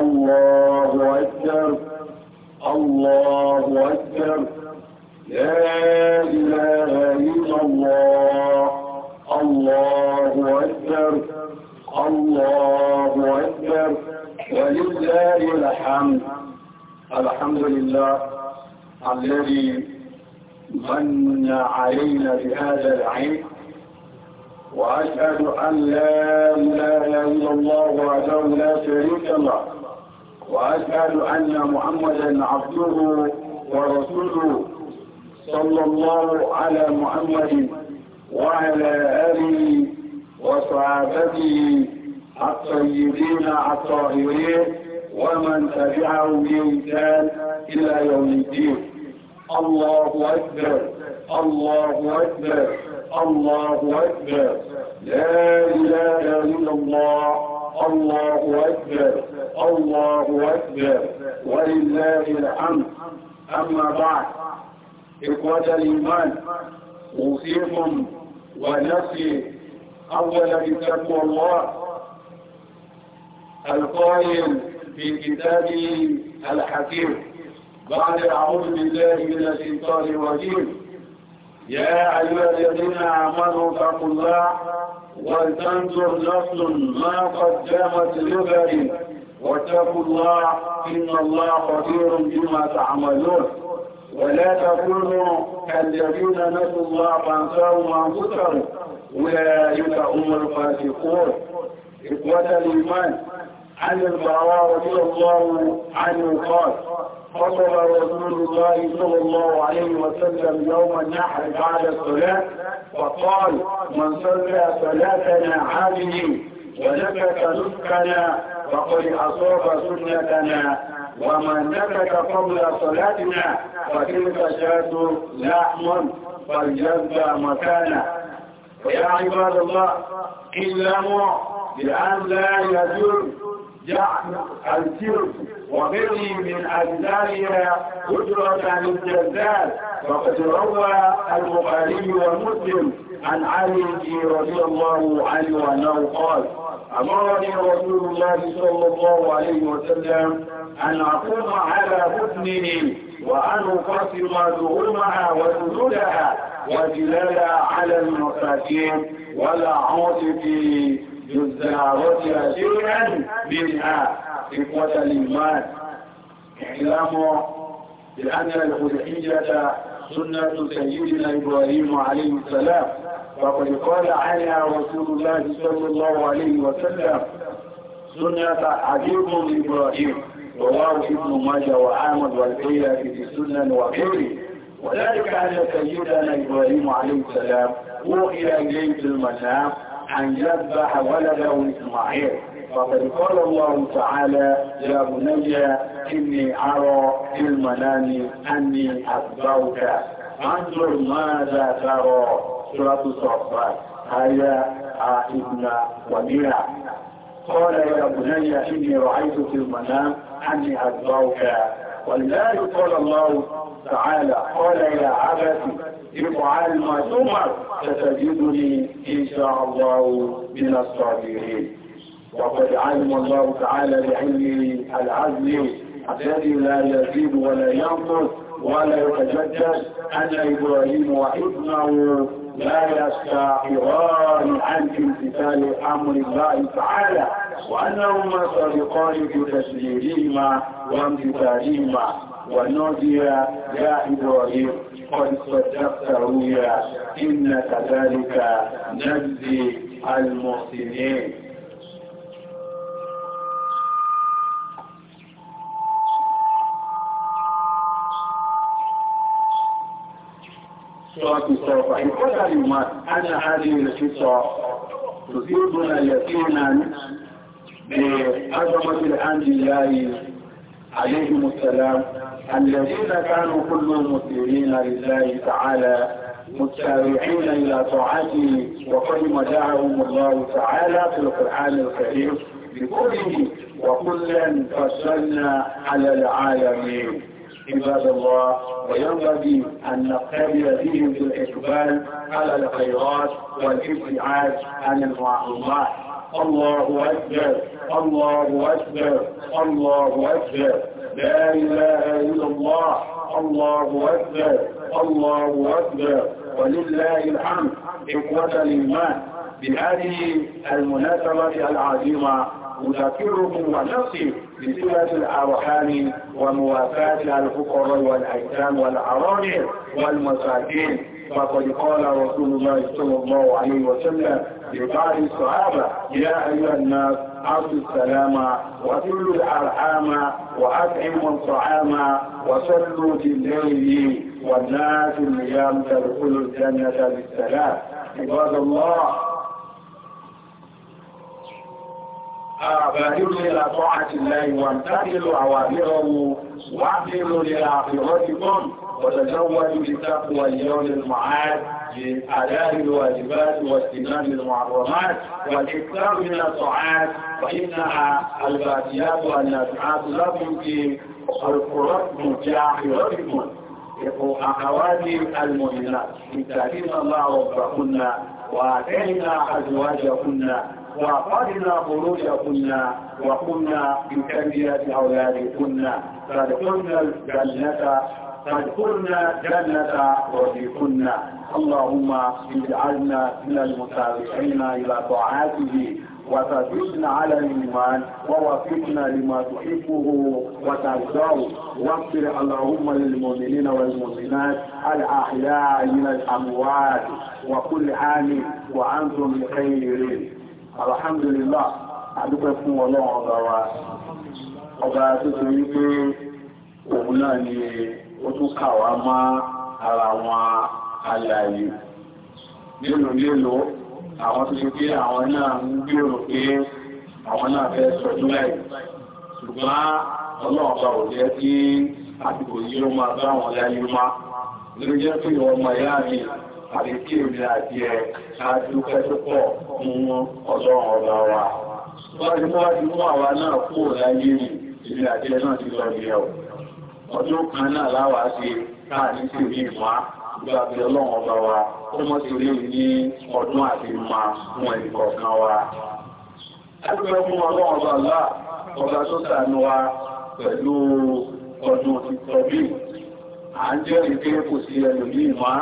الله أكبر الله أكبر لا إله إلا الله الله أكبر الله أكبر ولله الحمد الحمد لله الذي من علينا بهذا العيد وأشهد أن لا إله إلا الله وحده لا شريك له وأشهد أن محمدا عبده ورسوله صلى الله على محمد وعلى آله وصحابته الطيبين الطاهرين ومن تبعهم بإنسان إلى يوم الدين الله أكبر الله أكبر الله أكبر لا إله إلا الله الله أكبر الله أكبر ولله الحمد أما بعد إخوة الإيمان أوصيكم ونفسي أولا بتقوى الله القائل في كتابه الحكيم بعد أعوذ بالله من الشيطان الرجيم يا أيها الذين آمنوا اتقوا الله ولتنظر نفس ما قدمت لغد واتقوا الله إن الله خبير بما تعملون ولا تكونوا كالذين نسوا الله فانساهم أنفسهم أولئك هم الفاسقون إخوة الإيمان عن البراء رضي الله عنه قال خطب رسول الله صلى الله عليه وسلم يوم النحر بعد الصلاة فقال من صلى صلاتنا هذه ولك تنفكنا فقد أصاب سنتنا ومن نكت قبل صلاتنا فتلك شاة لحم فليبدأ مكانه ويا عباد الله اعلموا بأن لا يجر جعل الجرم وبغي من أجزائها قدرة للجزال وقد روى البخاري ومسلم عن علي رضي الله عنه أنه قال أمرني رسول الله صلى الله عليه وسلم أن أقوم على بطنه وأن أقسم دعومها وسجودها وجلالها على المساكين ولا أعطي في جزارتها شيئا منها إخوة الإيمان اعلموا بأن الحجة سنة سيدنا إبراهيم عليه السلام فقد قال عنها رسول الله صلى الله عليه وسلم سنة عجيب إبراهيم رواه ابن ماجه وعامد والبيهقي في السنة وغيره وذلك أن سيدنا إبراهيم عليه السلام أوحي إليه في المنام أن يذبح ولده إسماعيل فقد قال الله تعالى يا بني إني أرى في المنام أني أتبعك انظر ماذا ترى سورة الصعفات هيا عائدنا ومنا قال يا بني إني رأيت في المنام أني أتبعك والله قال الله تعالى قال يا عبدي افعل ما تؤمر ستجدني إن شاء الله من الصابرين وقد علم الله تعالى بعلمه العزل الذي لا يزيد ولا ينقص ولا يتجدد أن إبراهيم وابنه لا يستحيران عن امتثال امر الله تعالى وانهما صادقان في تسجيلهما وامتثالهما ونودي يا ابراهيم قد صدقت رؤيا ان كذلك نجزي المحسنين صراط صوفا إن قدر يمات أن هذه القصة تزيدنا يقينا بعظمة الأنبياء عليهم السلام الذين كانوا كلهم مسلمين لله تعالى متسارعين إلى طاعته وقد مدعهم الله تعالى في القرآن الكريم بقوله وكلا فصلنا على العالمين عباد الله وينبغي أن نقتدي بهم في الإقبال على الخيرات والابتعاد عن المعلومات الله أكبر الله أكبر الله أكبر لا إله إلا الله الله أكبر الله أكبر ولله الحمد إخوة الإيمان بهذه المناسبة العظيمة نذكركم ونصف بصلة الأرحام وموافاة الفقراء والأيتام والأراضي والمساكين فقد قال رسول الله صلى الله عليه وسلم لبعض الصحابة يا أيها الناس أرضوا السلام وذلوا الأرحام وأطعموا الطعام وصلوا في الليل والناس اليوم تدخلوا الجنة بالسلام عباد الله أبادروا إلى طاعة الله وانتقلوا أوامره واعملوا لآخرتكم وتزودوا بتقوى اليوم المعاد لأداء الواجبات واجتناب المعظمات والإكثار من الطاعات فإنها الباقيات والنافعات لكم في القرب في آخرتكم أخواتي المؤمنات اتقين الله ربكن وآتينا أزواجهن وأقرنا خروجكن وكنا بتربية أولادكن فادخلنا الجنة فادخلنا جنة ربكن اللهم اجعلنا من المتابعين إلى طاعاته وتزدنا على الإيمان ووفقنا لما تحبه وترضاه واغفر اللهم للمؤمنين والمؤمنات الأحياء من الأموات وكل عام وأنتم بخير alhamdulillah adúpẹ́ fún ọlọ́run ọba wa ọba tó wípé òun náà ni ó tún kà ara wọn alààyè nínú àwọn tó ṣe pé àwọn náà ń gbèrò pé àwọn náà fẹ́ sọdún láì ṣùgbọ́n ọlọ́run ọba ò jẹ́ kí máa bá wọn láyé má ló jẹ́ pé ọmọ àti kí èmi àti ẹ adúpẹ́ tó pọ̀ fún ọlọ́run ọba wa. Wọ́n ti mú wájú mú àwa náà kúrò láyé ni èmi àti ẹ náà ti lọ bí ẹ o. Ọdún kan náà láwàá ṣe káà ní sí ìlú ìmọ̀ gbàgbé ọlọ́run ọba wa tó mọ́ sí orí ní ọdún àti máa fún ẹnì kọ̀ọ̀kan wa. Adúpẹ́ fún ọlọ́run ọba láà ọba tó sànú wa pẹ̀lú ọdún òtítọ́ bíi à ń jẹ́rìí pé kò sí ẹlòmíì máa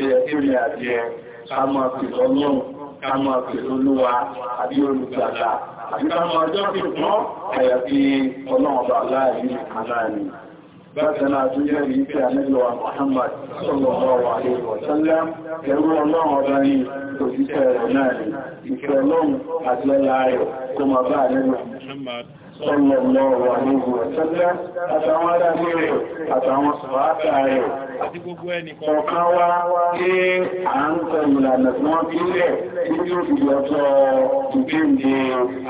ẹ̀yẹ kí mi àti ẹ ká máa pè lọ́lọ́run ká máa pè lọ́lọ́wà àbí olùgbàgbà àbí ká máa jọ́ pè mọ́ ẹ̀yẹ kí ọlọ́run bá láàrin àláàrin bákanáà tó jẹ́ rí pé àmìlọ́wà Muhammad sallallahu alaihi wa sallam ẹ̀rù ọlọ́run ọba ní òṣìṣẹ́ rẹ̀ náà ni ìfẹ́ ọlọ́run àti àtàwọn adájẹ́ rẹ̀ àtàwọn sọ̀rọ̀ àti gbogbo ẹnì kọ̀ọ̀kan wá pé à ń sọ ìlànà tí wọ́n fi lẹ̀ títí ó fi lọ́tọ̀ ìgbéǹde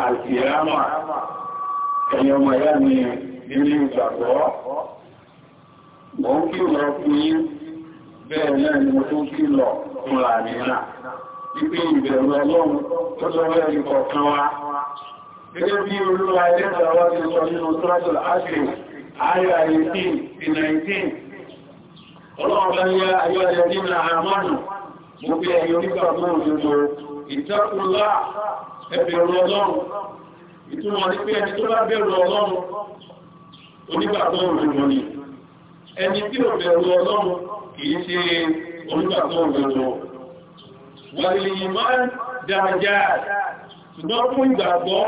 àlùkìyámà ẹ̀yìn ọmọ ìyá mi nílé ìgbàgbọ́ mo ń kí lọ fún yín bẹ́ẹ̀ náà ni mo tún kí lọ fúnra mi náà wípé ìbẹ̀rù ọlọ́run tó sọ bẹ́ẹ̀ ní kọ̀ọ̀kan wá gẹ́gẹ́ bí olúwa ẹlẹ́gbẹ̀rẹ̀ wá ti sọ nínú tọ́lá ọlọ́run bá yá ayé ẹlẹ́dí ní àmánù mo fi ẹ̀yìn onígbàgbọ́ òdodo ìtẹ́kùnlá ẹ̀bẹ̀rù ọlọ́run ìtumọ̀ ní pé ẹni tó bá bẹ̀rù ọlọ́run onígbàgbọ́ òdodo ni ẹni tí ò bẹ̀rù ọlọ́run kìí ṣe onígbàgbọ́ òdodo wàlì ìmọ̀ dáadáa ṣùgbọ́n fún ìgbàgbọ́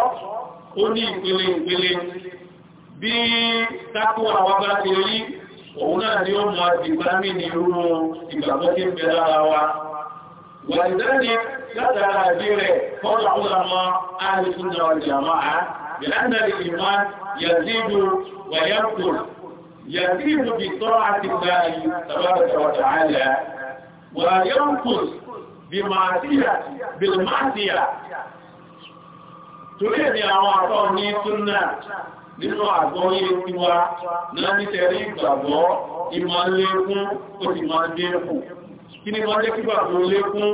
ó ní ìpele ìpele bí tákùn àwọn bá ti rí òun náà ni ó mọ ìgbàmínì irú ìgbàgbọ́ tí ń bẹ lára wa. Wàlìdẹ́ni látara àdí rẹ̀ kọ́lá ọlọ́mọ àìsùn náà jàmọ́ á. بأن الإيمان يزيد وينقل يزيد بطاعة الله تبارك وتعالى وينقص بمعصية بالمعصية. تريد يا معطوني سنة nínú àgbọ́yé tiwa náà nítorí ìgbàgbọ́ ìmọ̀ lékún ó sì máa lékún kí ni wọ́n jẹ́ kí gbàgbọ́ lékún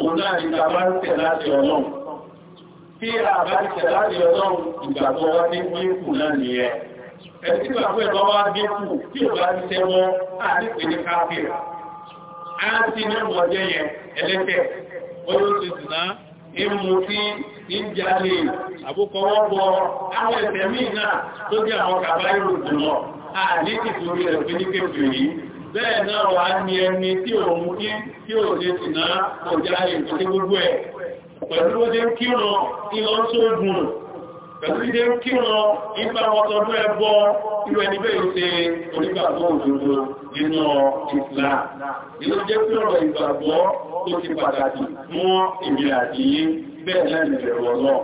òun náà ìgbàgbá ń tẹ̀ láti ọlọ́run tí a bá ti tẹ̀ láti ọlọ́run ìgbàgbọ́ wá ní lékún náà nìyẹn ẹ̀sí gbàgbọ́ ẹ̀bọ́ wá dínkù tí ò bá ti tẹ́wọ́ àti ìpínlẹ̀ káfíà á ti ní ọmọ ọjọ́ yẹn ẹlẹ́tẹ̀ ó yóò náà ìmùtí ìjàlè àbúkọwọ́pọ̀ àwọn ẹ̀sẹ̀ míì náà tó jẹ́ àwọn kàbá ìròjù lọ àní ti torí rẹ̀ fi ní kéfì yìí bẹ́ẹ̀ náà wà ní ẹni tí ò mú kí tí ò lè sì náà ọjà ìròjù gbogbo ẹ̀ pẹ̀lú ó dé kírun ìlọ́sọ́gùn pẹ̀lú ilé kí wọn nípa ọtọdún ẹbọ irú ẹni bẹ́ẹ̀ ṣe onígbàgbọ́ òdodo nínú Islam nínú jẹ́ pé ọ̀rọ̀ ìgbàgbọ́ tó ti pàtàkì mọ́ èmi àti yín bẹ́ẹ̀ náà nìbẹ̀rù ọlọ́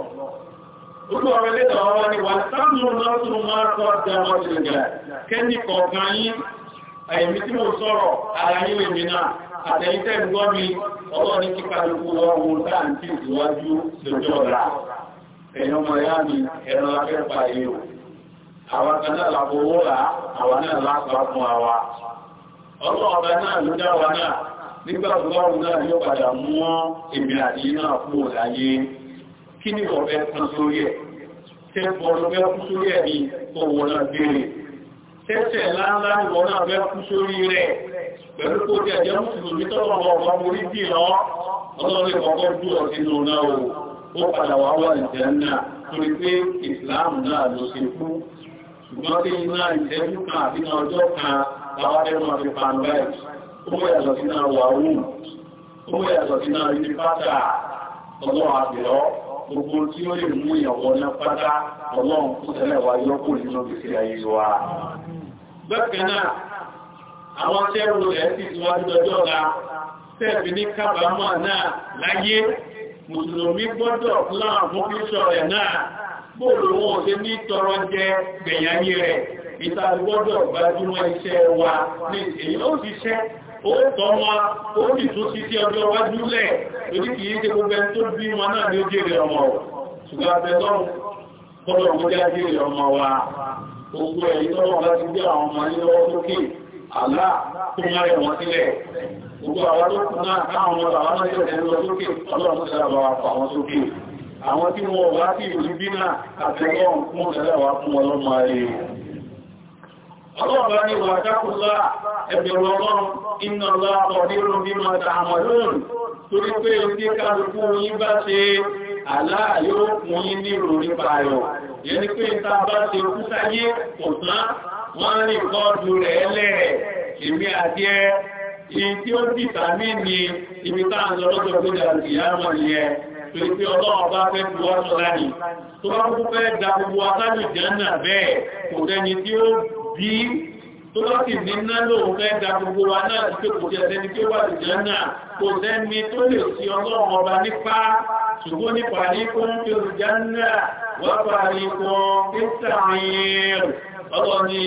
Gbogbo ọ̀rọ̀ ilé ìtàn ọwọ́ ni wà sáàmù náà tún máa ń kọ́ da ọmọ ìrìnlẹ̀. Kẹ́ni kọ̀ọ̀kan yín, àyèmí tí mo sọ̀rọ̀ ara yín èmi náà, àtẹ̀yìntẹ́ ìgbọ́ mi, ọlọ́ni kíkà lókù lọ́wọ́ táà ń tí ìwájú lójọ́ ọ̀la èèyàn mọ̀ ya ni ẹran lábẹ́ pa iye o àwa kan náà làbowó rà àwa náà lápá fún àwa ọlọ́run ọba náà ló dá wa náà nígbà tó bá wọn náà yóò padà mú wọn èmi àti náà kúrò láyé kí ni ọ̀bẹ kan sórí ẹ̀ tẹ́ bọ́ ló fẹ́ kú sórí ẹ̀ ní owó náà béèrè tẹ́sẹ̀ láńlá ìwọ náà fẹ́ kú sórí rẹ̀ pẹ̀lú kó jẹ́ jẹ́ mùsùlùmí tọ́lọ́ ọmọ orí dì lọ ọlọ́run ìkọ̀kọ́ ó padà wà wà ìjẹ́nà pé pé Islam náà ló ṣe kú ṣùgbọ́n tí iná ìjẹ́jú kan àti ní ọjọ́ kan láwárẹ́ máa fi pan bẹ́ẹ̀ ó yàtọ̀ sí náà wàhù ó yàtọ̀ sí náà yunifásà ọlọ́run àbẹ̀rọ gbogbo tí ó lè mú ìyàwó náà pátá ọlọ́run kú tẹ́lẹ̀ wá yọ́kù nínú gbèsè ayé wa bẹ́ẹ̀ náà àwọn tẹ́rù rẹ̀ sì tún wájú ọjọ́ ọ̀la tẹ́ẹ̀bì ní kábàámọ̀ náà láyé mùsùlùmí gbọ́dọ̀ láà fún píṣọ̀ rẹ̀ náà bóòlù wọn ṣe ní tọrọ jẹ gbẹ̀yàní rẹ̀ ìta gbọ́dọ̀ gbájúmọ́ iṣẹ́ wa ní èyí ó ṣiṣẹ́ ó tọ́ wa ó sì tún sí sí ọjọ́ wájú lẹ̀ torí kìí ṣe gbogbo ẹni tó bí wọn náà ní ó jèrè já jèrè ọmọ wa gbogbo ẹ̀yìn lọ́wọ́ láti gbé àwọn ọmọ yín lọ́wọ́ sókè àlá tó máa rẹ̀ Gbogbo àwọn tó kún náà táwọn ọmọ bàbá náà yóò tẹ́lú lọ sókè, ọlọ́run sẹ́lẹ̀ bá wa fà wọn sókè. Àwọn tí wọ́n wá sí ìlú bí náà àtẹ́lọ́run fún sẹ́lẹ̀ wá fún ọlọ́mọ ayé. Ọlọ́run láyé wà dákùnlá ẹgbẹ̀rún ọlọ́run, iná ọlọ́run ọdún bí máa tààmà lóòrùn, torí pé ní kálukú yín bá ṣe aláàyò èyí tí ó ti tàbí ní ibi tá à ń lọ lọ́dọ̀ tó dà sí àmọ́ yẹn pé pé ọlọ́run bá fẹ́ fi wá sọ láyé tó bá kú fẹ́ da gbogbo asájú ìjánà bẹ́ẹ̀ kò sẹ́ni tí ó bí tó bá sì ní ná lóun fẹ́ da gbogbo wa náà sí pé kò jẹ́ sẹ́ni tí ó wà ìjánà kò sẹ́ni tó lè fi ọlọ́run ọba nípa ṣùgbọ́n nípa ní fún fi ìjánà wọ́n parí fún fíṣàmì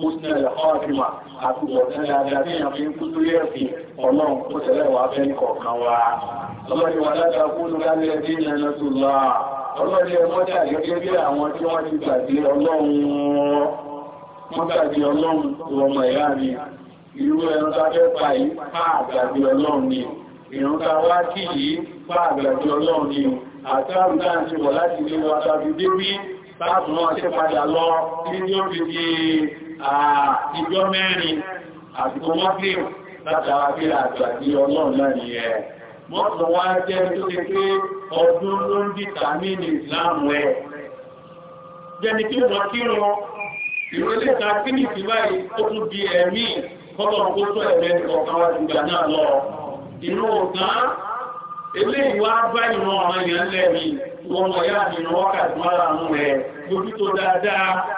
mọ́sílẹ̀ àlẹ́kọ́wàtíwà àti ọ̀sẹ̀ àdáyàn fi ń kú lórí ẹ̀sìn ọlọ́run kó tẹ̀lẹ̀ wà fẹ́ ní kọ̀ọ̀kan wa ọlọ́rin wà látàkùn lálẹ́ bí ìrìnà tó lá ọlọ́rin ẹmọ́dé àgẹ́gẹ́ bí àwọn tí wọ́n ti gbàgbé ọlọ́run wọ́n gbàgbé ọlọ́run ọmọ ìyá mi irú ẹran tá fẹ́ pa yìí pa àgbàgbé ọlọ́run ni ìrún tá wá kí yìí pa àgbàgbé ọlọ́run ni àti àrùdá ń ṣe wọ̀ láti ilé wa tàbí débí láàbùn wọn ṣe padà lọ ní ní ó fi Ah, ìjọ mẹ́rin mẹrin mọ́gbìn látara bí àgbàdì ọlọ́run lẹ́rin ẹ mọ́tò wá jẹ́ tó ti pé ọdún ló ń dìtà ní ìsìláàmù jẹ́ni kí wọ́n kí wọn ìrọ̀lẹ́ ta kíníkì báyìí ó ẹ̀mí kọ́lọ̀ kó tó ẹ̀mẹ́ ọ̀kan wá ti gbà náà lọ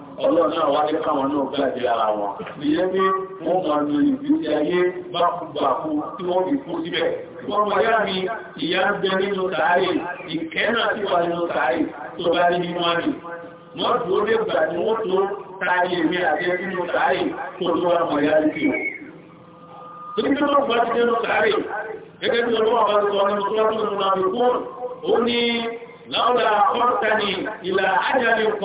ọlọ́run náà wáyé káwọn náà gbájẹ ara wọn ìyẹ́ ní wọ́n ma lo ìgbésí ayé bákúgbàkú tí wọ́n fi kú síbẹ̀ wọ́n ma yá mi ìyá ń bẹ nínú tààrí ìkẹ́ náà ti wà nínú tààrí tó bá ní nínú àrí wọ́n tó lè gbà ní wọ́n tó tààrí èmi àti nínú tààrí tó ló wà mọ̀ yá lùkì Torí tó lọ́gbà ti nínú tààrí, gẹ́gẹ́ bí ọlọ́wọ́ àwọn ọ̀sán nínú tó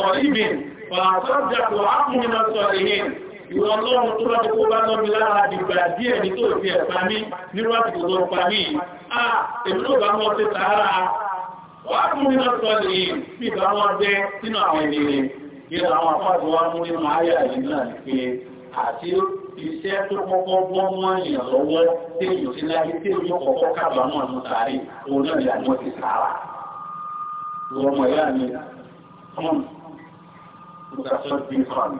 lọ́dún fàásọ́jàpọ̀ ápùnà sọ̀rọ̀ yẹn ìwọ ọlọ́run tó bá dúkó bá lọ́mi lára dìgbà díẹ̀ ní tó fi ẹ̀pá mí nírú àtìkò tó pa mí à èmi ló bá mọ́ sí sàárà wà ápùnà sọ̀rọ̀ yẹn bí bá wọ́n jẹ́ sínú àwọn ènìyàn yẹ àwọn àpáàdé wa mú nínú ayé àyè náà ni ni ìyá mi, mùtàfẹ́fẹ́fẹ́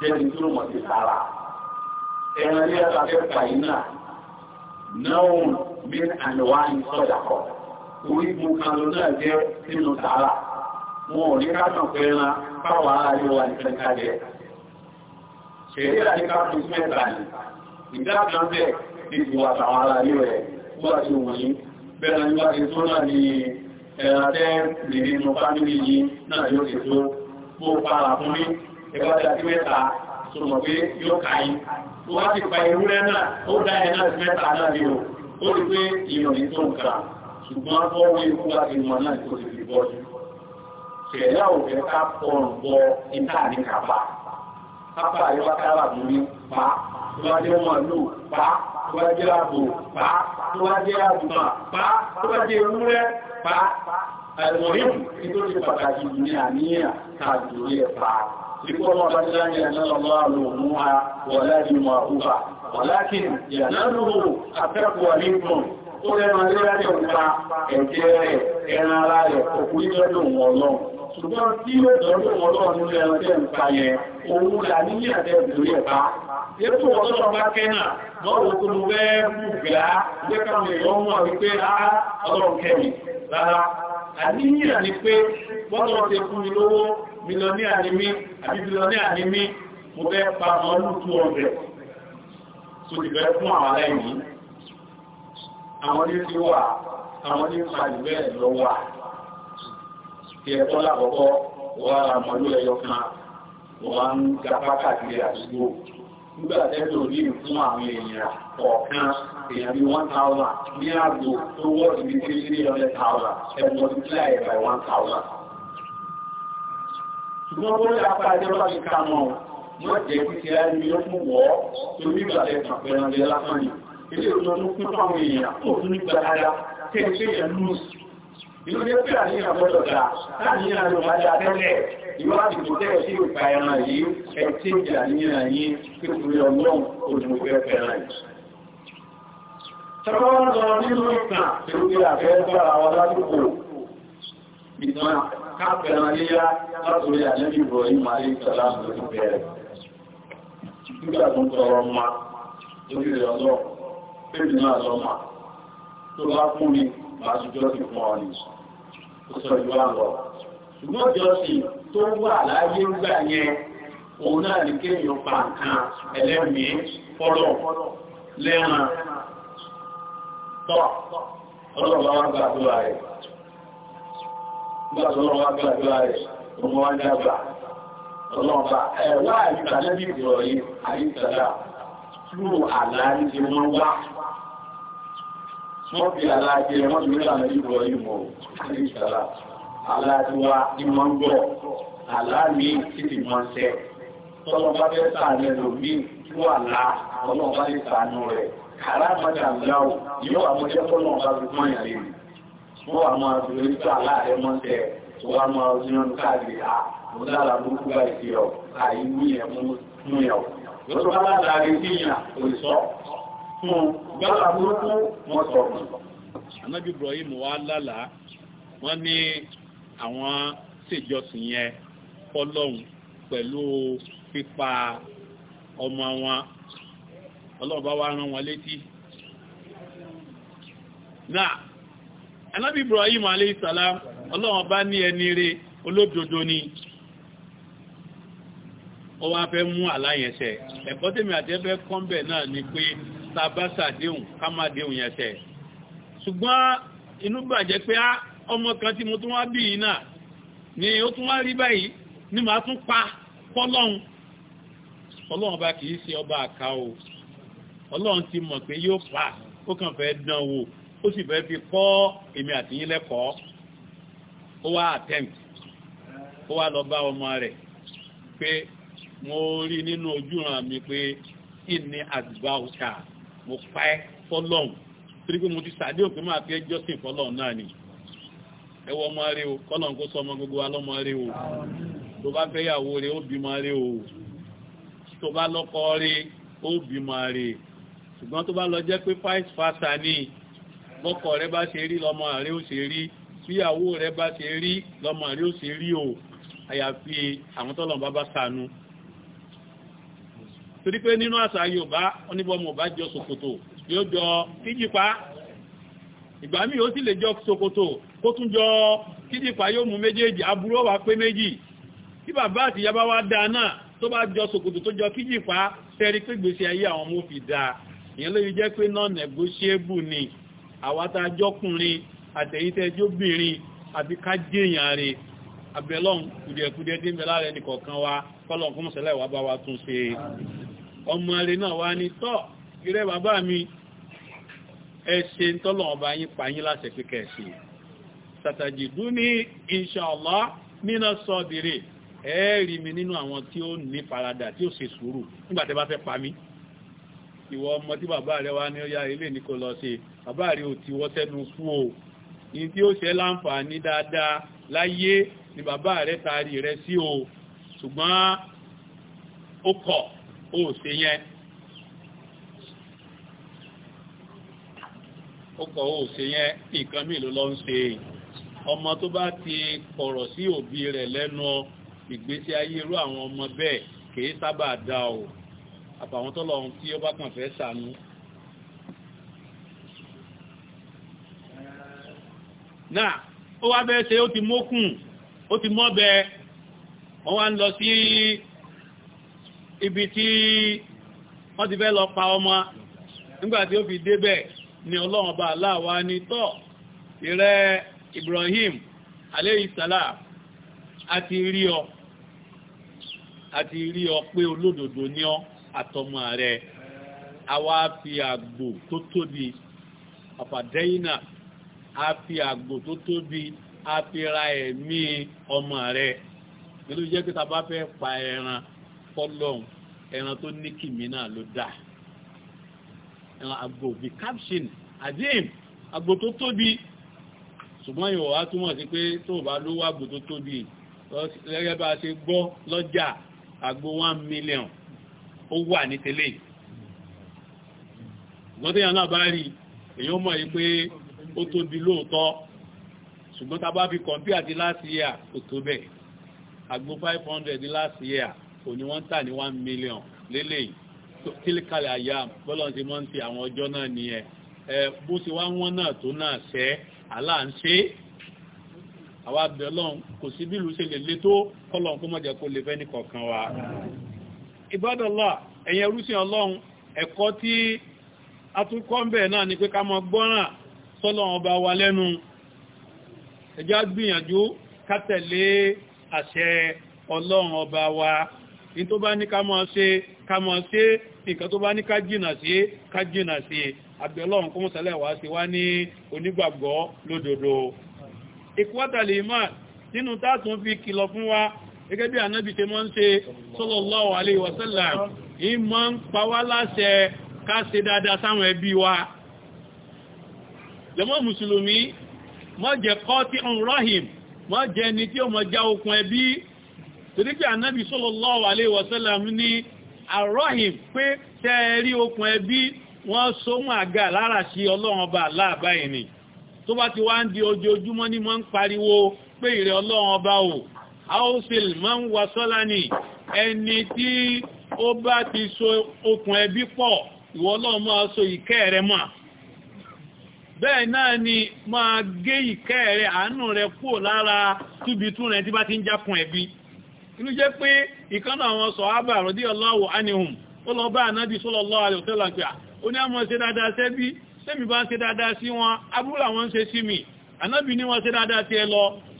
jẹ́ni tí ó mọ̀ sí sára. ẹran ní ẹ̀ka fẹ́ fàyín náà náà mí àlùwá ní sọ́jà kọ̀ orí mu kan ló náà jẹ́ nínú sára. wọn ò ní ká tàn pé ẹran báwa ayé wa ní kẹ́kẹ́ jẹ. ṣèlérí àyíká fún mẹ́ta ni ìdá kan bẹ́ẹ̀ ní ìwà àtàwọn ará ilé rẹ̀ wọ́n ti wọ̀nyí bẹ́ẹ̀ ni wọ́n ti tó náà ní ẹ̀rọ tẹ́ lè nínú fámìlì yìí náà yóò ti tó mo para fún mi ìgbàdà sí mẹ́ta tó mọ̀ pé yóò káyí tó wá ti pa ewúrẹ́ náà ó dá ẹ náà sí mẹ́ta náà ní o ó rí pé ìyàn ní tó nǹkan ṣùgbọ́n ó wí ikú wá ti mọ̀ náà tó ti bọ́ sí ṣẹ̀yà ò fẹ́ ká pọ̀rùn bọ ìta ní kàbà kápá àríwá kára mú ní pa tó wá jẹ́ mọ̀lú pa tó wá jẹ́ àbò pa tó wá jẹ́ àbùmà pa tó wá àtìmọ̀rí nítorí ti pàtàkì ní àníyàn àti ẹ̀fà ìkọ́lọ̀ bá jẹ́ ìyànà lọ́wọ́ àlòmú a wọ̀lá ìmọ̀ àkúfà wọ̀láàkì ìyànà lọ́wọ́ àtẹ́kùwà ní mọ̀ ó lẹ́nu alẹ́rẹ́ ọ̀pá ẹ̀jẹ́ rẹ̀ ẹran ara rẹ̀ òkú ìjọ́dún ọlọ́run ṣùgbọ́n tí ó dọ̀rọ̀ ọlọ́run nílé ẹran jẹ́ nǹkan yẹn òun là ní ìyàtẹ̀ ìdúrí ẹ̀bá Yẹ́tò ọlọ́rọ̀ bá kẹ́nà lọ́rọ̀ tó mú bẹ́ẹ̀ mú á, jẹ́ káwọn wípé á ọlọ́run kẹ́rì àníyàn ni pé bọ́tọ̀ ṣe fún mi lówó mílíọ̀nì ànímí àbí mílíọ̀nì ànímí mo fẹ́ pa mọ́lù 200 so ti fẹ́ fún àwọn aláìní àwọn ní ti wà àwọn ní ìpàdé bẹ́ẹ̀ lọ wà tí ẹ̀kọ́ lákọ̀ọ́kọ́ wà mọ́lù ẹyọ kan wà ń gapá káàkiri àdúgbò nígbà tẹ́lẹ̀ òní fún àwọn èèyàn kọ̀ọ̀kan èèyàn bí one thousand ní ààbò tó wọ́n ti bí three three hundred thousand ẹ̀ multiply ẹ̀ by one thousand. ṣùgbọ́n wọ́n yà pa ẹjọ́ bá ti ká mọ́ wọ́n jẹ́ kí ti ẹ́ ní ọmọ wọ́ torí ìgbàlẹ̀ ìpàpẹ̀rẹ̀ ọ̀dẹ́ lásán ni ilé ìtọ́jú fún fáwọn èèyàn tó ní gbàdájá tẹ́ẹ̀ṣẹ́ yẹn lùsì ìlú jẹ́ pé àníyàn gbọ́dọ̀ dá láàrin àwọn ọmọdá tẹ́lẹ̀ ìwádìí tó tẹ́ẹ̀ sí ìpa ẹran yìí ẹ̀ tí ìjà níyàn yìí pé kúrẹ́ ọlọ́run olùgbẹ́fẹ́ rẹ̀ Tọ́kọ́wọ́n lọ nínú ìtàn tí ó gbé àfẹ́ gbára wọn lásìkò ìtàn kápẹ̀rẹ̀ aléyá látòrí àjẹ́bì bọ̀ ní Màrí Ìtàlá lórí bẹ̀rẹ̀. Nígbà tó ń tọrọ ma lórí rẹ̀ ọlọ́ pèsè náà lọ ma tó bá fún mi máa ṣe jọ́ sí fún ọ̀nì. Ó sọ ìwà tó wà láyé ń gbà yẹn, òun náà ní kéèyàn pa nǹkan ẹlẹ́mìí fọ́lọ̀ lẹ́ran tọ́ ọlọ́run bá wá gbàdúrà rẹ̀ nígbà tó lọ́wọ́ wá gbàdúrà rẹ̀ ọmọ wá ní àgbà ọlọ́run bá ẹ̀wá àyíká lẹ́bí ìrọ̀ yìí àyíkàlá túrò àlá ní ti wọ́n wá wọ́n fi àlá jẹ wọ́n ti mẹ́ta lẹ́bí ìrọ̀ yìí mọ̀ àyíkàlá àlá ti wá ní wọ́n gbọ́ àlá mi ti ti mọ́ sẹ́ tọ́lọ́ bá fẹ́ sàánú ẹlòmíì tó àlá ọlọ́run bá lè sàánú rẹ̀ àràmọ́ta láwù yóò àmọ́jẹ́ fọ́nà ọba gbogbo ìyà lè wọ́n wà máa fi orí tó aláàrẹ mọ́ tẹ wọ́n máa yan káàdì à mo dára burúkú bá ìfi ọ àyí mú yẹn mú yẹn ọ lọ́sọ bá láàrẹ sí ìyà kò fún dára burúkú mọ́ sọ anábì Ibrahim wà lálàá wọ́n ní àwọn ṣèjọsìn yẹn fọ́lọ́hun pẹ̀lú pípa ọmọ wọn ọlọ́ọ̀bá wa rán wọn létí na anábì Ibrahim aleyhisselam ọlọ́wọ́n bá ní ẹni rẹ olódodo ni ó wá fẹ́ mú àláyẹnsẹ̀ ẹ̀kọ́ tèmi àtẹ́fẹ́ náà ni pé tàbásà déhùn ká inú bàjẹ́ pé ah, ọmọ kan tí mo tún wá bí náà ni ó tún wá rí báyìí ni tún pa ọlọ́wọ́n bá kìí ọba ọlọ́run ti mọ̀ pé yóò pa ó kàn fẹ́ dán wò ó sì fẹ́ fi kọ́ èmi àtìyín lẹ́kọ̀ọ́ ó wá attempt ó wá lọ bá ọmọ rẹ̀ pé mo rí nínú ojúran mi pé ìní àdìbá òkà mo pa ẹ́ fọ́lọ́hùn torí pé mo ti sàdé òpin máa fi ẹjọ́ sìn fọ́lọ́hùn náà ni ẹ wọ ọmọ rẹ o kọ́lọ̀n kó sọ ọmọ gbogbo wa lọ́mọ rẹ o tó bá fẹ́ yàwó rẹ ó bímọ rẹ o tó bá lọ́kọ rẹ ó bímọ rẹ ṣùgbọ́n tó bá lọ jẹ́ pé vice versa ni bọ́kọ rẹ bá ṣe rí lọ́mọ rẹ ó ṣe rí bíyàwó rẹ bá ṣe rí lọ́mọ rẹ ó ṣe rí o àyàfi àwọn tọ́lọ̀ bá bá sànú torí pé nínú àṣà Yorùbá oníbọmọ̀ bá jọ ṣòkòtò yóò jọ kíjìpá ìgbà míì ó sì lè jọ ṣòkòtò kó tún jọ kíjìpá yóò mú méjèèjì aburú wà pé méjì tí bàbá àti ìyá bá dáa náà tó bá jọ ṣòkòtò tó jọ kíjìpá tẹ́rí pé gbèsè ayé àwọn ọmọ fi dáa ìyẹn ló yìí jẹ́ pé non negotiable ni àwátájọ́kùnrin àtẹ̀yítẹ́jọ́bìnrin àti kájèèyàn rẹ̀ abẹ́lọ́n kùdìẹ̀kùdìẹ̀ tí ń bẹ láàrẹ nìkọ̀ọ̀kan wa kọ́lọ̀n fún mọ̀sẹ̀lẹ̀ wà bá wa tún ṣe ọmọ rẹ̀ náà wá ní tọ́ ìrẹ́ bàbá mi ẹ ṣe ń tọ́lọ̀ ọba yín pa yín láṣẹ pé kẹ̀ẹ̀ṣe sàtàjìdú ní inṣàlá nínà sọ́ọ̀dìrẹ̀ ẹ̀ẹ́rì mi nínú àwọn tí ó ní faradà tí ó ṣe sùúrù nígbà tẹ́ bá fẹ́ pa mí ìwọ ọmọ tí bàbá rẹ wá ní ọya ilé ní kò lọ ṣe bàbá rẹ ò ti wọ́ tẹ́nu fún o ní tí ó ṣe láǹfààní dáadáa láyé ni bàbá rẹ taari rẹ sí o ṣùgbọ́n ó kọ̀ ó ṣe yẹn ó kọ̀ ó ṣe yẹn nǹkan mìí ló lọ ń ṣe ọmọ tó bá ti kọ̀rọ̀ sí òbí rẹ̀ lẹ́nu ìgbésí ayé irú àwọn ọmọ bẹ́ẹ̀ kìí sábà dá o àbàwọn tọ́lọ̀ ohun tí ó bá kàn fẹ́ sànú náà ó wá bẹ́ẹ̀ ṣe ó ti mókùn ó ti mọ́bẹ wọ́n wá ń lọ sí ibi tí wọ́n ti fẹ́ lọ pa ọmọ nígbàtí ó fi débẹ̀ ni ọlọ́run bá aláwa ní tọ́ ìrẹ́ Ibrahim alayhi salam àti rí ọ àti rí ọ pé olódodo ni ọ àtọmọ rẹ̀ àwa fi àgbò tó tóbi ọ̀fàdẹ́yìnà a fi àgbò tó tóbi a fi ra ẹ̀mí ọmọ rẹ̀ nílùú jẹ́ pé ta bá fẹ́ pa ẹran fọlọ́hún ẹran tó ní kìmí náà ló dà ẹran àgbò bí caption azeem àgbò tó tóbi ṣùgbọ́n ìwọ̀ wá túmọ̀ sí pé tó bá lówó àgbò tó tóbi gẹ́gẹ́ bá ṣe gbọ́ lọ́jà àgbò one million ó wà ní tẹ́lẹ̀ ṣùgbọ́n téèyàn náà bá rí èyàn mọ̀ yí pé ó tóbi lóòótọ́ ṣùgbọ́n tá bá fi compare àti last year kò tó bẹ́ẹ̀ àgbo five hundred ní last year kò ní wọ́n tà ní one million lélẹ́yìn kílíkàlẹ̀ àyà bọ́lọ̀ ti mọ́ ti àwọn ọjọ́ náà nìyẹn bó ti wá wọ́n náà tó náà ṣẹ́ àlá ń ṣe àwọn abẹ́lọ́n kò sí bí ìlú ṣe lè le tó kọ́lọ̀ kó mọ̀jẹ̀ kó lè fẹ́ ní kọ̀ọ̀kan wa Ibadallah ẹ̀yin ẹrúsìn Ọlọ́run ẹ̀kọ́ tí a tún kọ́ ń bẹ̀ náà ni pé ká mọ gbọ́ràn sọ́lọ́run ọba wa lẹ́nu ẹjá gbìyànjú ká tẹ̀lé àṣẹ Ọlọ́run ọba wa ní tó bá ní ká mọ́ ṣe ká mọ́ ṣe nǹkan tó bá ní ká jìnà sí ká jìnà sí àbẹ̀ Ọlọ́run kó mọ́sálẹ̀ wá sí wá ní onígbàgbọ́ lódodo ìkúwátàlì ìmọ̀ nínú táàtún fi kìlọ̀ fún wa gẹ́gẹ́ bí ànábì ṣe mọ́ ń ṣe sallallahu alaihi wasallam ìmọ̀ ń pa wá láṣẹ ká ṣe dáadáa sáwọn ẹbí wa jọmọ́ mùsùlùmí má jẹ́ qati'un rahim má jẹ́ ni tí ó mọ́ já okùn ẹbí torí pé ànábì sallallahu alaihi wasallam ní arrahim pé tẹ́ẹ̀rí okùn ẹbí wọ́n so mọ́ àga lára sí ọlọ́run ọba aláàbáyìí ni tó bá ti wá ń di ojoojúmọ́ ní mọ́ ń pariwo pé ìrẹ̀ ọlọ́run ọba ò áúsìl máa ń wà sọ́lá ní ẹni tí ó bá ti so okùn ẹbí pọ̀ ìwọ Ọlọ́run máa so ìkẹ́ rẹ mọ́ bẹ́ẹ̀ náà ni máa gé ìkẹ́ rẹ àánú rẹ kúrò lára túbitú rẹ tí bá ti ń jákun ẹbí inú jẹ́ pé ìkánà àwọn sọ̀hábà radiyallahu anhum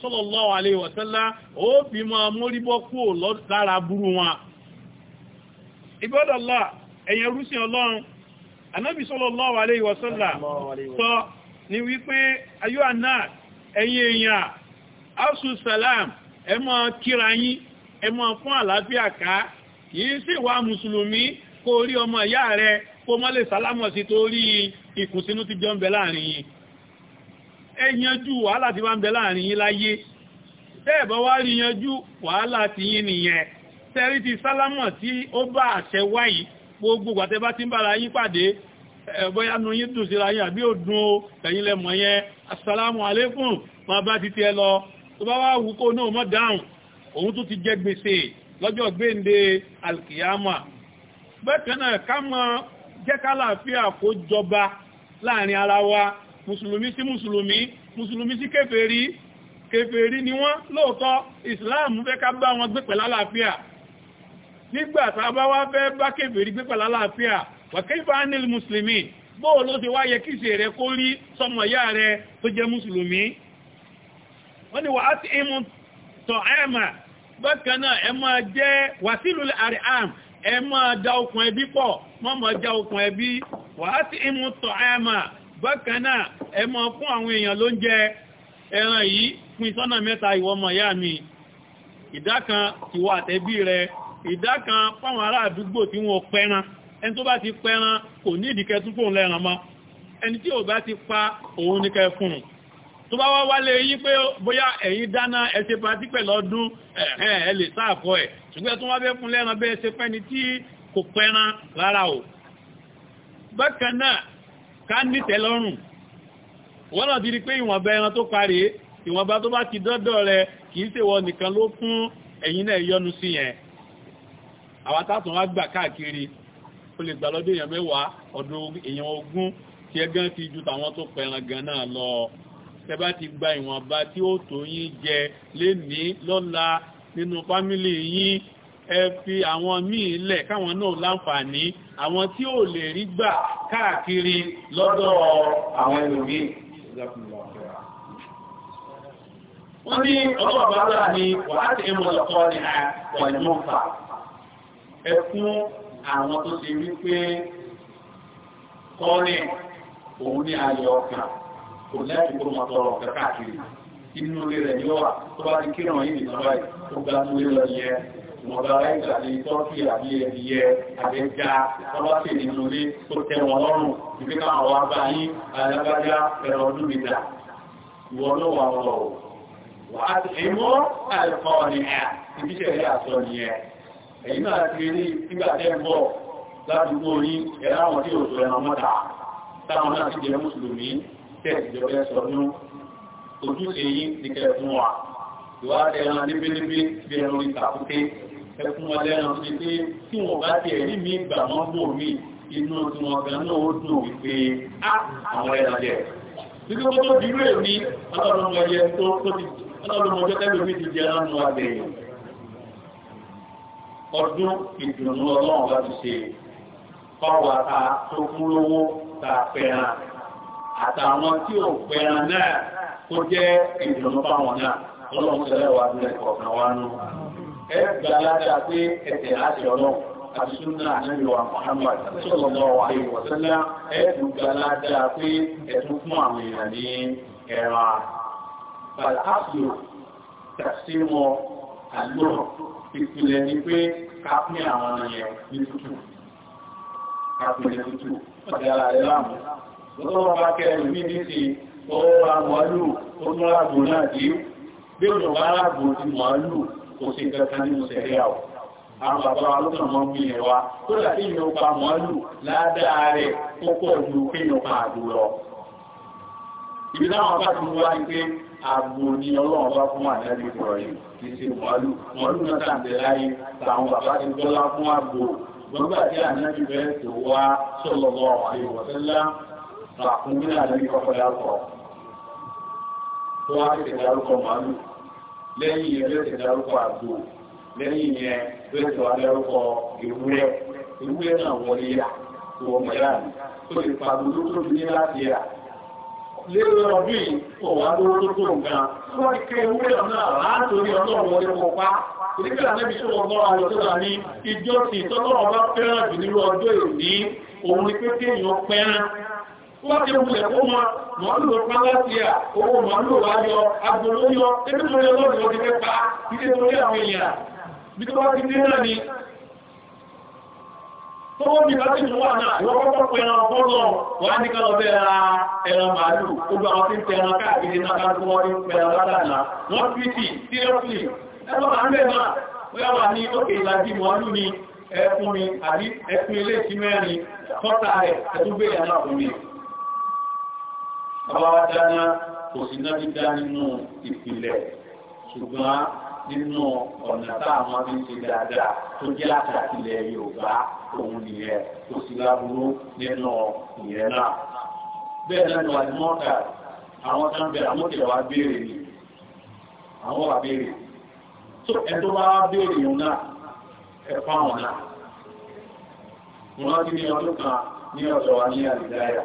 sallallahu alaihi wa sallam ó fi máa móríbọ́ kúrò lára burú wọn ibadallah ẹ̀yẹn rúsìn ọlọ́run anábì sallallahu alaihi wa sallam sọ ni wípé ayyuhan nas ẹ̀yin èèyàn asu salam ẹ máa kíra yín ẹ máa fún àlàáfíà ká kìí sí ìwà mùsùlùmí kó rí ọmọ ìyá rẹ kó mọ́ lè sálámọ̀ sí torí ìkùnsínú ti jọ ń bẹ láàrin yìí ẹ yanjú wàhálà tí wá ń bẹ láàrin yín láyé tẹ́ẹ̀bọ̀ wá rí yanjú wàhálà tí yín nìyẹn tẹ́rí ti sálámọ̀ tí ó bá àṣẹ wáyìí gbogbo gbàtẹ́ bá ti ń bára yín pàdé ẹ̀bọ́yá nu yín dùn síra yín àbí òdùn o ma bá ti tẹ́ lọ tó bá wá wù kó náà mọ́ dáhùn òun alkiyama bẹ́ẹ̀ kan náà ká mọ jẹ́kálàáfíà kó jọba láàrin ara wa mùsùlùmí sí mùsùlùmí mùsùlùmí sí kèfèrí kèfèrí ni wọ́n lóòótọ́ ìsìláàmù fẹ́ ká bá wọn gbé pẹ̀lú àlàáfíà nígbà tá a bá wá fẹ́ bá kèfèrí gbé pẹ̀lú àlàáfíà wàkẹ́fà ánìl mùsùlùmí bóò ló ti wáyẹ kí ìṣe rẹ kó rí sọmọ ìyá rẹ tó jẹ́ mùsùlùmí wọ́n ni wà á ti imú tọ̀ ẹ̀mà bákan ẹ máa jẹ́ wàsílù àríàm ẹ máa da okùn ẹbí pọ̀ mọ́ máa já okùn ẹbí wà ti imú tọ̀ ẹ̀mà bákan náà ẹ máa fún àwọn èèyàn ló ń jẹ ẹran yìí fún ìsọ́nà mẹ́ta ìwọ ọmọ ìyá mi ìdá kan tìwọ àtẹ̀bí rẹ ìdá kan fáwọn ará àdúgbò tí wọ́n pẹran ẹni tó bá ti pẹran kò ní ìdíkẹ́ tún fóun lẹ́ran mọ́ ẹni tí ò bá ti pa òun ní kẹ fún un tó bá wá wálé yí pé bóyá ẹ̀yin dáná ẹ ṣe patí pẹ̀lú ọdún ẹ lè sáàkọ́ ẹ̀ ṣùgbọ́n tó wá bẹ́ bákan náà ká nítẹ́ lọ́rùn wọ́n náà ti rí pé ìwọ̀nba ẹran tó parí ìwọ̀nba tó bá ti dọ́dọ̀ rẹ kìí ṣèwọ nìkan ló fún ẹ̀yin náà yọnu sí yẹn àwọn tátùn wá gbà káàkiri ó lè gbà lọ́dún èèyàn mẹ́wàá ọdún èèyàn ogún tí ẹ ti ju tàwọn tó pẹran gan náà lọ tẹ bá ti gba ìwọ̀nba tí ó tó yín jẹ lénìí lọ́la nínú fámílì yín ẹ fi àwọn míì lẹ̀ káwọn náà láǹfààní àwọn tí ò lè rí gbà káàkiri lọ́dọ̀ àwọn ẹlòmí wọ́n ní ọjọ́ bàbá ní wàhátì ẹmọ̀lọ́kọ́ ní àpọ̀lẹ̀mọ́fà ẹ fún àwọn tó ti rí pé kọ́rin òun ní ayọ̀ ọ̀kà kò lẹ́tù kó mọ̀ tọrọ ọ̀kà inú rẹ̀ yọ́wà tó bá ti kíràn yìí nìkan ọ̀gá ẹ̀ṣà ní tọ́kì àbí ẹ̀dìyẹ àbẹ́já ọlọ́sì nínú ilé tó tẹ́wọ̀n lọ́rùn ìpínká àwọn abáyí alágbájá ẹ̀rọ ọdún ìdá ìwọ̀n ló wà ọ̀rọ̀ wà á ti mọ́ àìkọ́ ni ẹ̀ ìbíṣẹ̀ ilé àṣọ ni ẹ̀ èyí náà ti rí nígbà tẹ́ ń bọ̀ ládùúgbò yín ẹ̀rọ àwọn tí ò sọ ẹ̀rọ mọ́ta táwọn náà ti jẹ́ mùsùlùmí tẹ̀ ìjọba ẹ̀sọ́ nú ojúṣe yín wa ìwádìí ẹran níbi níbi bí ẹran ìtàkùté ẹkún wọn lẹ́ran ti pé tí wọ́n bá ti ẹ̀rí mi gbà wọ́n bò mí inú tí wọ́n gan náà ó dùn wípé ah, àwọn ẹ̀rọ jẹ́ títí wọ́n tó dúró èmi ọlọ́run ọjọ́ tẹ́lẹ̀ mi ti jẹ́ lánàá àgbẹ̀yìn ọdún ìdùnnú ọlọ́run bá ti ṣe fáwọn ata tó kún lówó ta pẹran àtàwọn tí ò pẹran náà tó jẹ́ ìdùnnú fáwọn náà ọlọ́run tẹ́lẹ̀ wà nílẹ̀ wá nù ẹgbàlájà pé ẹ̀tẹ̀ láti ọlọ́run àti súnà àníyàn Muhammad sallallahu alaihi wa sallam ẹgbàlájà pé ẹ̀tún fún àwọn èèyàn ní ẹran balhapio tàṣímọ̀ àlọ́rọ̀ ìpìlẹ̀ ni pé kápẹ́ àwọn èèyàn ní tútù kápẹ́ ní tútù ọ̀dẹ̀ ara rẹ̀ láàmú lọ́wọ́ bá kẹrin ní ní ti ọwọ́ àwọn màálù kò sí kankan nínú sẹ̀rí àwọ̀ àwọn bàbá wa ló kàn mọ́ mú yẹn wa tó dà kí ìyẹn pa mọ́lù ládàá rẹ̀ ó pọ̀ ju kí ìyẹn pa àgbò lọ. ibi táwọn bá ti wá ní pé àgbò ni ọlọ́run bá fún àdájọ́ ìrọ̀ yìí kì í ṣe mọ́lù mọ́lù náà tàbí láyé làwọn bàbá ti gbọ́lá fún àgbò gbọ́gbà tí ànájú bẹ́ẹ̀ tó wá sọ́lọ́gbọ́ àwọn ìwọ̀sẹ́lá ràkúnmí àdájọ́ kọ́kọ́ dárúkọ. tó lẹ́yìn yẹn ló ti darúkọ àgbò lẹ́yìn yẹn ló ti wà darúkọ ewúrẹ́ ewúrẹ́ náà wọlé yá tó ọmọ yá mi tó ti pàdé olókòrò ní láti yá. lẹ́yìn ọdún yìí kò wá lówó tó tó nǹkan wọ́n ké ewúrẹ́ náà látòrí ọlọ́run wọlé wọn pa nígbà níbi tó wọn bọ́ra wọ́n ti wulẹ̀ fún wọn màálù ló pa láti ẹ̀ owó màálù wá yọ agolo yọ ebi tó yẹ lọ́dún ni. tó wọ́n ti láti mú àná ìwọ́pọ̀pọ̀ pé ẹran fọ́lọ̀ wọ́n á ní ká lọ bẹ́ ra ẹran màálù gbogbo àwọn tí ń tẹ ẹran káàkiri náà ká tó wọ́n pẹ̀ ẹran ládàlá wọ́n fi tì síríọ́sì ẹ lọ́ máa ń bẹ̀ ni ẹkùn ilé ìsinmi ẹrin kọ́ta rẹ̀ ẹ̀dúgbé ìyànà ọ̀gbìn bàbá wa dáná kò sí náà ti dá nínú ìpìlẹ̀ ṣùgbọ́n nínú ọ̀nà tá a máa fi ṣe dáadáa tó jẹ́ látàkì ilẹ̀ Yorùbá òun nìyẹn kò sí láburú nínú ìyẹn náà. bẹ́ẹ̀ náà ni wà ní mọ́tà àwọn tó ń bẹ̀rẹ̀ àmọ́tẹ̀lẹ̀ wa béèrè ni àwọn wà béèrè. tó ẹ tó bá béèrè yòó náà ẹ fáwọn náà. wọ́n ti ní ọdún kan ní ọ̀dọ̀ wa ní àlùdáyà.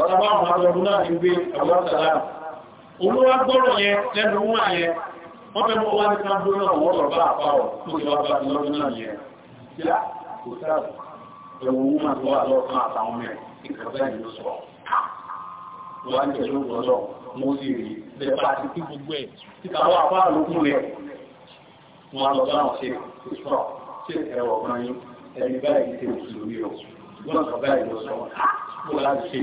ọ̀tá bá wọn àjọ náà ìwé àwọn ọ̀tàlá olúwa gbọ́rọ̀ yẹn lẹ́nu wọn yẹn wọ́n fẹ́ mọ́ wá ní káńdó náà wọ́n lọ bá àpáwọ̀ tó ti wá bá lọ́dún náà yẹn yá kò sáà ẹ̀wọ̀n owó máa tó wà lọ́ọ̀kan àtàwọn mẹ́rin ìkàtà ìlú sọ wà ní ẹ̀lú ọ̀lọ́ mo sì rí bẹ̀rẹ̀ bá ti kí gbogbo ẹ̀ tí káwọ́ apá lókún rẹ̀ wọ́n lọ bá wọn ṣe sọ ṣe ẹ̀rọ ọ̀gbọ́n yín ẹni báyìí ti rò sí orí ọ̀ gbọ́n sọ báyìí lọ sọ wọ́n láti ṣe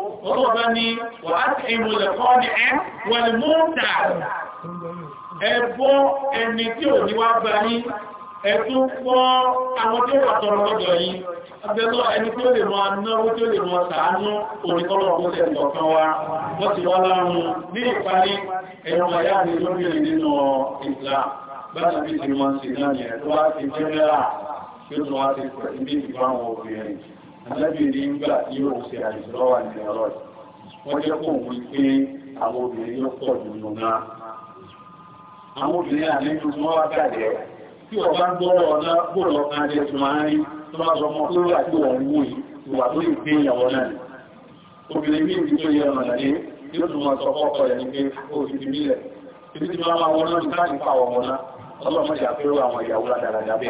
ọlọ́run bá ní wà á ti ìmọ̀ lẹ̀kọ́ ní ẹ́ wọ́n mú tà ẹ̀bọ́ ẹni tí ò ní wá gba yín ẹ̀tún fọ́ àwọn tí ó wà tọrọ lọ́dọ̀ yìí abẹ́lọ́ ẹni tí ó lè mọ anáwó tí ó lè mọ sàánú òníkọ́lọ̀ ọ̀pọ̀lẹ̀ ọ̀kan wa wọ́n ti wá lárun ní ìparí ẹ̀rọ àyá mi lórí nínú ìlà bára bí ti mọ́ sí náà yẹn tó wá ti jẹ́ mẹ́rà tí ó tún wá ti pẹ̀lú bí ìgbà àwọn obìnrin alábìnrin nígbà tí ó ṣe àìsọ́wà ní ọ̀rọ̀ wọ́n jẹ́ kó wí pé àwọn obìnrin ló pọ̀ jù lọ náà àwọn obìnrin àlejò tí wọ́n wá tàjẹ́ tí ọba ń gbọ́rọ̀ ọ̀nà bóòlù ọkàn jẹ́ tó máa ń rí tó máa sọ mọ́ tó àti wọ̀n wú ìwà tó lè pé ìyàwó náà ni obìnrin ní ìdí tó yẹ ọ̀nà lálé yóò tún máa sọ fọ́kọ̀ rẹ̀ ní pé ó ti fi bílẹ̀ ibi tí wọ́n máa wọ́n náà ní láti pa ọ̀wọ̀n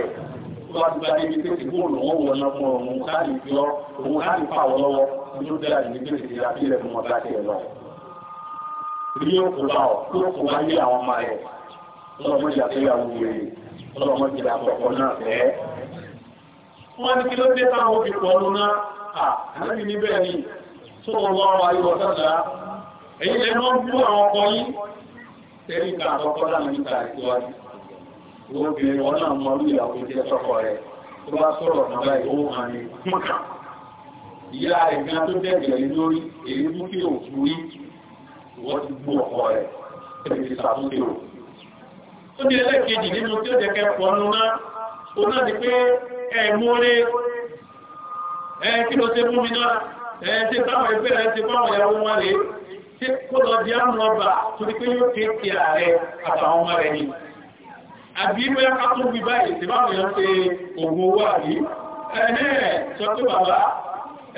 náà tó bá ti gba débi pèsè bóòlù wọn wọ ọ̀nà fún ọ̀run láti fi ọ́ òun láti fà wọ́ lọ́wọ́ ní ó dára ní pèsè ti àbílẹ̀ fún ọ̀dà tiẹ̀ lọ. Ilé òkú bá ọ̀ kí òkú bá yé àwọn ọmọ rẹ̀ lọ́mọdé àtúnyàwó rẹ̀ lọ́mọdé àkọ́kọ́ náà fẹ́. Wọ́n ní kí ló dé táwọn òbí pọ̀ ọ́nù náà à àlẹ́ ní bẹ́ẹ̀ ni tó wọ́n lọ́wọ́ ayọ̀ sọ́dà èyí lẹ́nu bú àwọn ọkọ yín tẹ́lifà àkọ́kọ́ láwọn ìgbà ìtọ́jú obìnrin wọn náà mọ orí ìyàwó jẹ́ sọ́kọ rẹ̀ tó bá sọ̀rọ̀ náà báyìí ó hàn ní mọ́kà ìyá ìgbà tó bẹ̀rẹ̀ lé lórí èyí mú kí òkú rí wọ́n ti gbó ọkọ rẹ̀ tẹ̀lé ti sàmúlò. ó di ẹlẹ́kejì nínú tí ó jẹ́ kẹ́kọ̀ọ́ ọ̀nà náà ó náà di pé ẹ̀ múre ẹ̀ kí ló ṣe mú mi náà ẹ̀ ṣe báwọn ẹgbẹ́ rẹ̀ ṣe báwọn ìyàwó wọn rèé ṣé kó lọ di àmúlọ́bà torí pé yóò àbí bóyá ká tó gbí báyìí tí báwọn èèyàn ṣe ògùn owó àbí ẹ̀ẹ́ sọ pé bàbá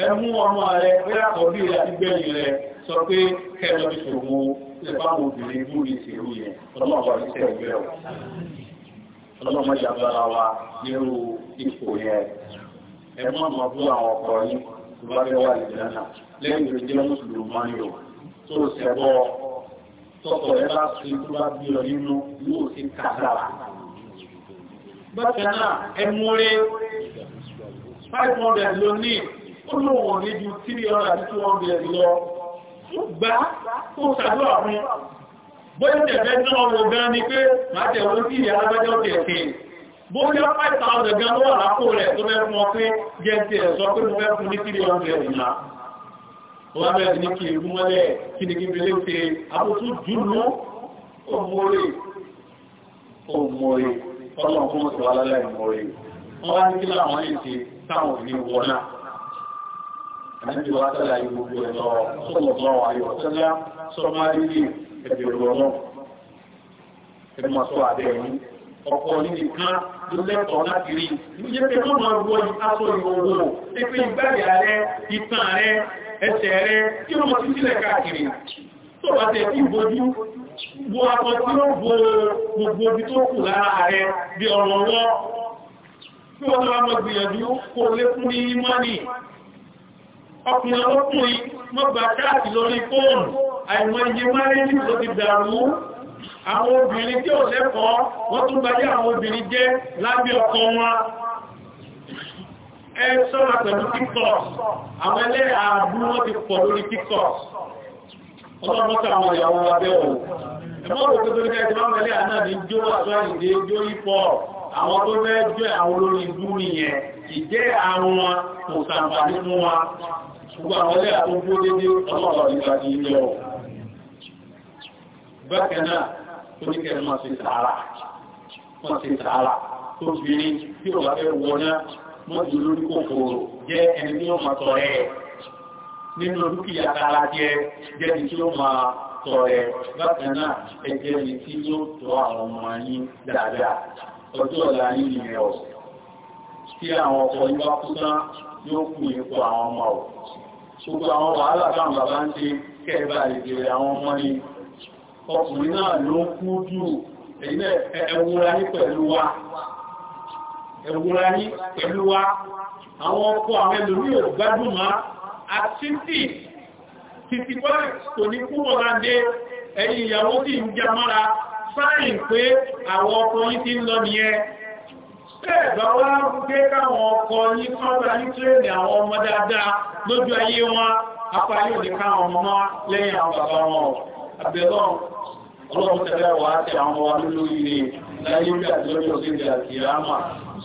ẹmú ọmọ rẹ bóyá kọ̀ bí àti gbẹ̀yìn rẹ sọ pé kẹlọ fi ṣòwò ìbáwọn obìnrin bú ní ìṣèlú yẹn ọlọ́pàá iṣẹ́ tọ́kọ̀ ẹ bá fi tó bá bí ọ nínú yóò ti kàdára. Bákan náà, ẹmúrí 500 ló ní, ó lóòwò ní ju 300-200 lọ. Ó gbá kó sàdó àwọn. Bóyá tẹ̀fẹ́ náà wo gan ni pé máa tẹ̀wọ́ sí ìyá alábẹ́jọ́ kẹ̀kẹ́. Bóyá 5,000 gan ló wà lápò rẹ̀ tó fẹ́ fún ọ pé jẹ́ ti ẹ̀ sọ pé mo fẹ́ fún ní 300 ìlà wọ́n bẹ̀rẹ̀ ní kí èrú mọ́lẹ̀ kí ni kí belé ṣe àbútú jùlọ òmòrè òmòrè ọlọ́run fún mọ́sí wà lálẹ́ ìmòrè wọ́n wá ní kí láwọn lè ṣe táwọn ní wọ́nà àmì wá tẹ́lá ìgbogbo ẹ̀ lọ sọ́lọ̀ ayọ̀ tẹ́lá sọ́márìlì ẹ̀bẹ̀rù ọlọ́run ẹ̀ mọ̀ sọ àbẹ̀ yìí ọ̀pọ̀ nínú kan ló lẹ́tọ̀ọ́ láti rí. Ìjẹ́ pé wọ́n máa wọ ìtàkùn ìwòwò, pípín ìgbàgbé rẹ̀, ìtàn rẹ̀, ẹsẹ̀ rẹ̀ kí ló mọ̀ sí sílẹ̀ káàkiri tó bá tẹ̀ tí bojú bó akọ tí ó bo gbogbo ibi tó kù lára rẹ̀ bí ọ̀rọ̀ lọ tí wọ́n bá mọ̀ gbìyànjú kó lékún ní mọ́nì ọkùnrin ọlọ́kùnrin mọ́gbà káàkiri lórí fóònù àìmọ̀ iye márẹ́jì ló ti dàrú àwọn obìnrin tí ò lẹ́kọ̀ọ́ wọ́n tún gbajú àwọn obìnrin jẹ́ lábẹ́ ẹ sọ́ra pẹ̀lú tiktok àwọn ẹlẹ́ ààbú wọ́n ti pọ̀ lórí tiktok ọlọ́mọ́ta àwọn ìyàwó abẹ́ ò ẹ̀mọ́ òkú tó ní ẹ̀jẹ̀ máa mẹ́lẹ́ àná ní jó àtọ́ ìdè jó ipò àwọn tó fẹ́ jẹ́ àwọn olórí ìlú nìyẹn ìjẹ́ àwọn kò sàǹfààní fún wa gbogbo àwọn ẹlẹ́ àtúgbó dédé ọlọ́ọ̀lọ́ ìgbà ní ilé ọ̀ bákan náà tó ní kẹ́ẹ̀ máa ṣe sàárà wọ́n ṣe sàárà tó fi ní tí ò bá fẹ́ wọ náà mọ́jú lórí kòkòrò jẹ́ ẹni tí ó máa tọ̀ ẹ̀ nínú dúkìá tara jẹ́ jẹ́ ẹni tí ó máa tọ̀ ẹ̀ bákan náà ẹ jẹ́ ẹni tí yóò tọ́ àwọn ọmọ yín dáadáa ọjọ́ ọ̀la yín ni ẹ̀ ọ̀ kí àwọn ọkọ̀ yín bá kú tán yóò kú ipò àwọn ọmọ ọ̀ gbogbo àwọn wàhálà táwọn bàbá ń ẹ̀wúra ní pẹ̀lú wa ẹ̀wùra yí pẹ̀lú wa àwọn ọkọ̀ àwọn ẹlòmí ò gbádùn má àtìntì títí pọ́ kò ní kúrò láńdé ẹ̀yìn ìyàwó sì ń jẹ mọ́ra sáyìn pé àwọn ọkọ̀ yí ti ń lọ nìyẹn Ẹ̀gbà wá gbé káwọn ọkọ̀ yí kọ́ta ní tírẹ̀nì àwọn ọmọ dáadáa lójú ayé wọn, ọlọ́run tẹ̀lé wà á tẹ àwọn ọmọ wa ilé láyé ìgbà tí lọ́jọ́ sí ìgbà kìí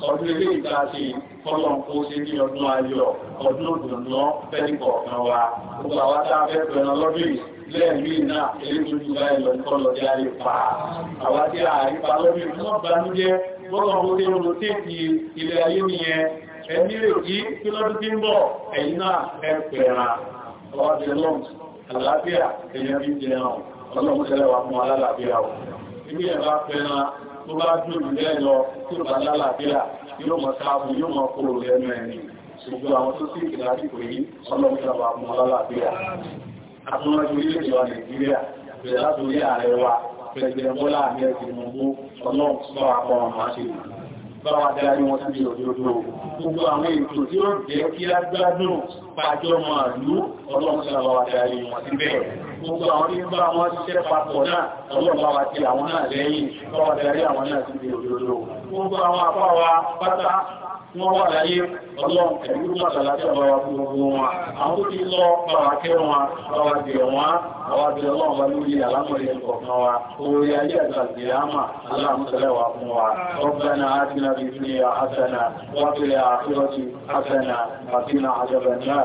ọdún ilé ìta ṣe fọ́lọ̀ kó ṣe ní ọdún ayọ̀ ọdún òdùnlọ́ fẹ́lìkọ̀ kan wa gbogbo àwọn tá a fẹ́ pẹ̀lú ọlọ́dún lẹ́ẹ̀mí náà èyí tó jù báyìí lọ nǹkan lọ jáde pa àwọn tí a rí pa lọ́dún ìlú náà banújẹ́ bọ́lọ̀ ó dé oró téèkì ilé ayé nìyẹn ẹni rè kí kí lọ́dún tí ń bọ̀ ẹ̀yìn náà ẹ pẹ̀ràn ọdún lọ́n àlàáfíà èèyàn bí jẹun ọlọ́run tẹ́lẹ̀ wà fún tó bá dùn lẹ́ lọ tí ó bá lálàáfíà yóò mọ̀ sáàbù yóò mọ̀ kúrò lẹ́nu ẹni ṣùgbọ́n àwọn tó sì ìkìlá sí pé ọlọ́mọdàbà mọ̀ lálàáfíà àtúnwájú ilé ìjọ nàìjíríà bẹ̀rẹ̀ látòrí ààrẹ wa pẹ̀lẹ̀ bọ́lá àmì ẹ̀sìn mọ̀gbó ọlọ́run sọ àpọ̀ ọmọ àṣẹ báwa dárí wọn sí òdodo gbogbo àwọn ètò tí ó jẹ́ kí lágbádùn pàjọ́ mọ̀ ìlú gbogbo àwọn tí ń bá wọn ṣiṣẹ́ papọ̀ náà ọlọ́pàá wa ti àwọn náà lẹ́yìn lọ́wọ́ darí àwọn náà sí ibi òdodo gbogbo àwọn apá wa pátá wọ́n wà láyé ọlọ́run ẹ̀lú mọ̀tàlá tí ọba wa fún ogun wọn àwọn tó ti lọ bàwà kẹ́ wọn bàwà bẹ̀ wọn àwọn àti ọlọ́run bá lórí àlámọ̀lẹ́ ọ̀kan wa orí ayé àtàkì àmà aláàmúsẹ̀lẹ̀ wa fún wa ọgbẹ́nà àtìlá bí fi àtẹnà wákìlẹ̀ àfírọ́tì àtẹnà àtìlá àjọbẹ̀ náà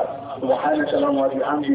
wàhálẹ̀ sẹ́lọ́mọ̀ àti àmì